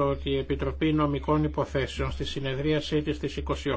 ότι η Επιτροπή Νομικών Υποθέσεων στη συνεδρίασή της στις 28